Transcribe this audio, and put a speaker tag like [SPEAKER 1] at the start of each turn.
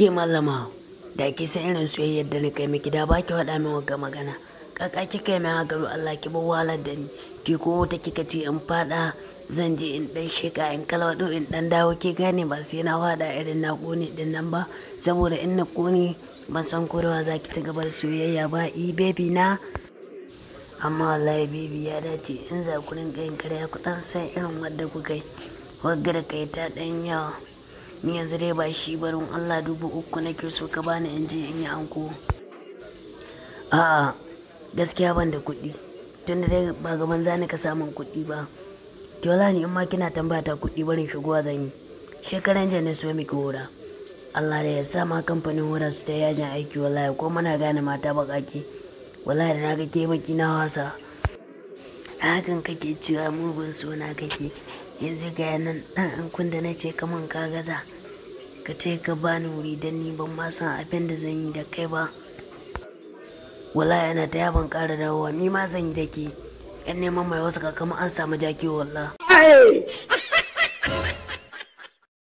[SPEAKER 1] ke mallama da ke san irin soyayyar da na kai miki da baki faɗa min wagga magana kaka kika mai hagaru Allah ki bar walar da ni ki ko wata kika ce in faɗa zan je in dan sheka in kalwado in dan dawo ki gane ba sai na faɗa irin na kone din nan ba saboda in na kone ban san da za ki ci gaba da soyayya ba i baby na amma wallahi baby ya dace in za ku rinka yin kare ku dan san irin wadda ku kai wagga kai ta dan yawa ni yanzu dai ba shi barin allah dubu uku nake so ka bani in je in yi anko a gaskiya ban da kuɗi tunda dai ba gaban zani ka samun kuɗi ba kyola ni in ma kina tambaya kuɗi barin shigowa zan yi shekaran jan ne so miki hora allah da ya sa ma kamfanin hora su ta yajin aiki wallahi ko muna gane mata baƙaƙe wallahi da na ga ke baki na wasa hakan kake cewa mugun suna kake yanzu ga yanan ɗan an kunda na ce kaman ka gaza ka ce ka bani wuri don ni ban ma san abin da zan yi da kai ba wala yana ta yaban ƙara dawowa ni ma zan yi da ke yan neman mai wasu kakama an samu jaki wallah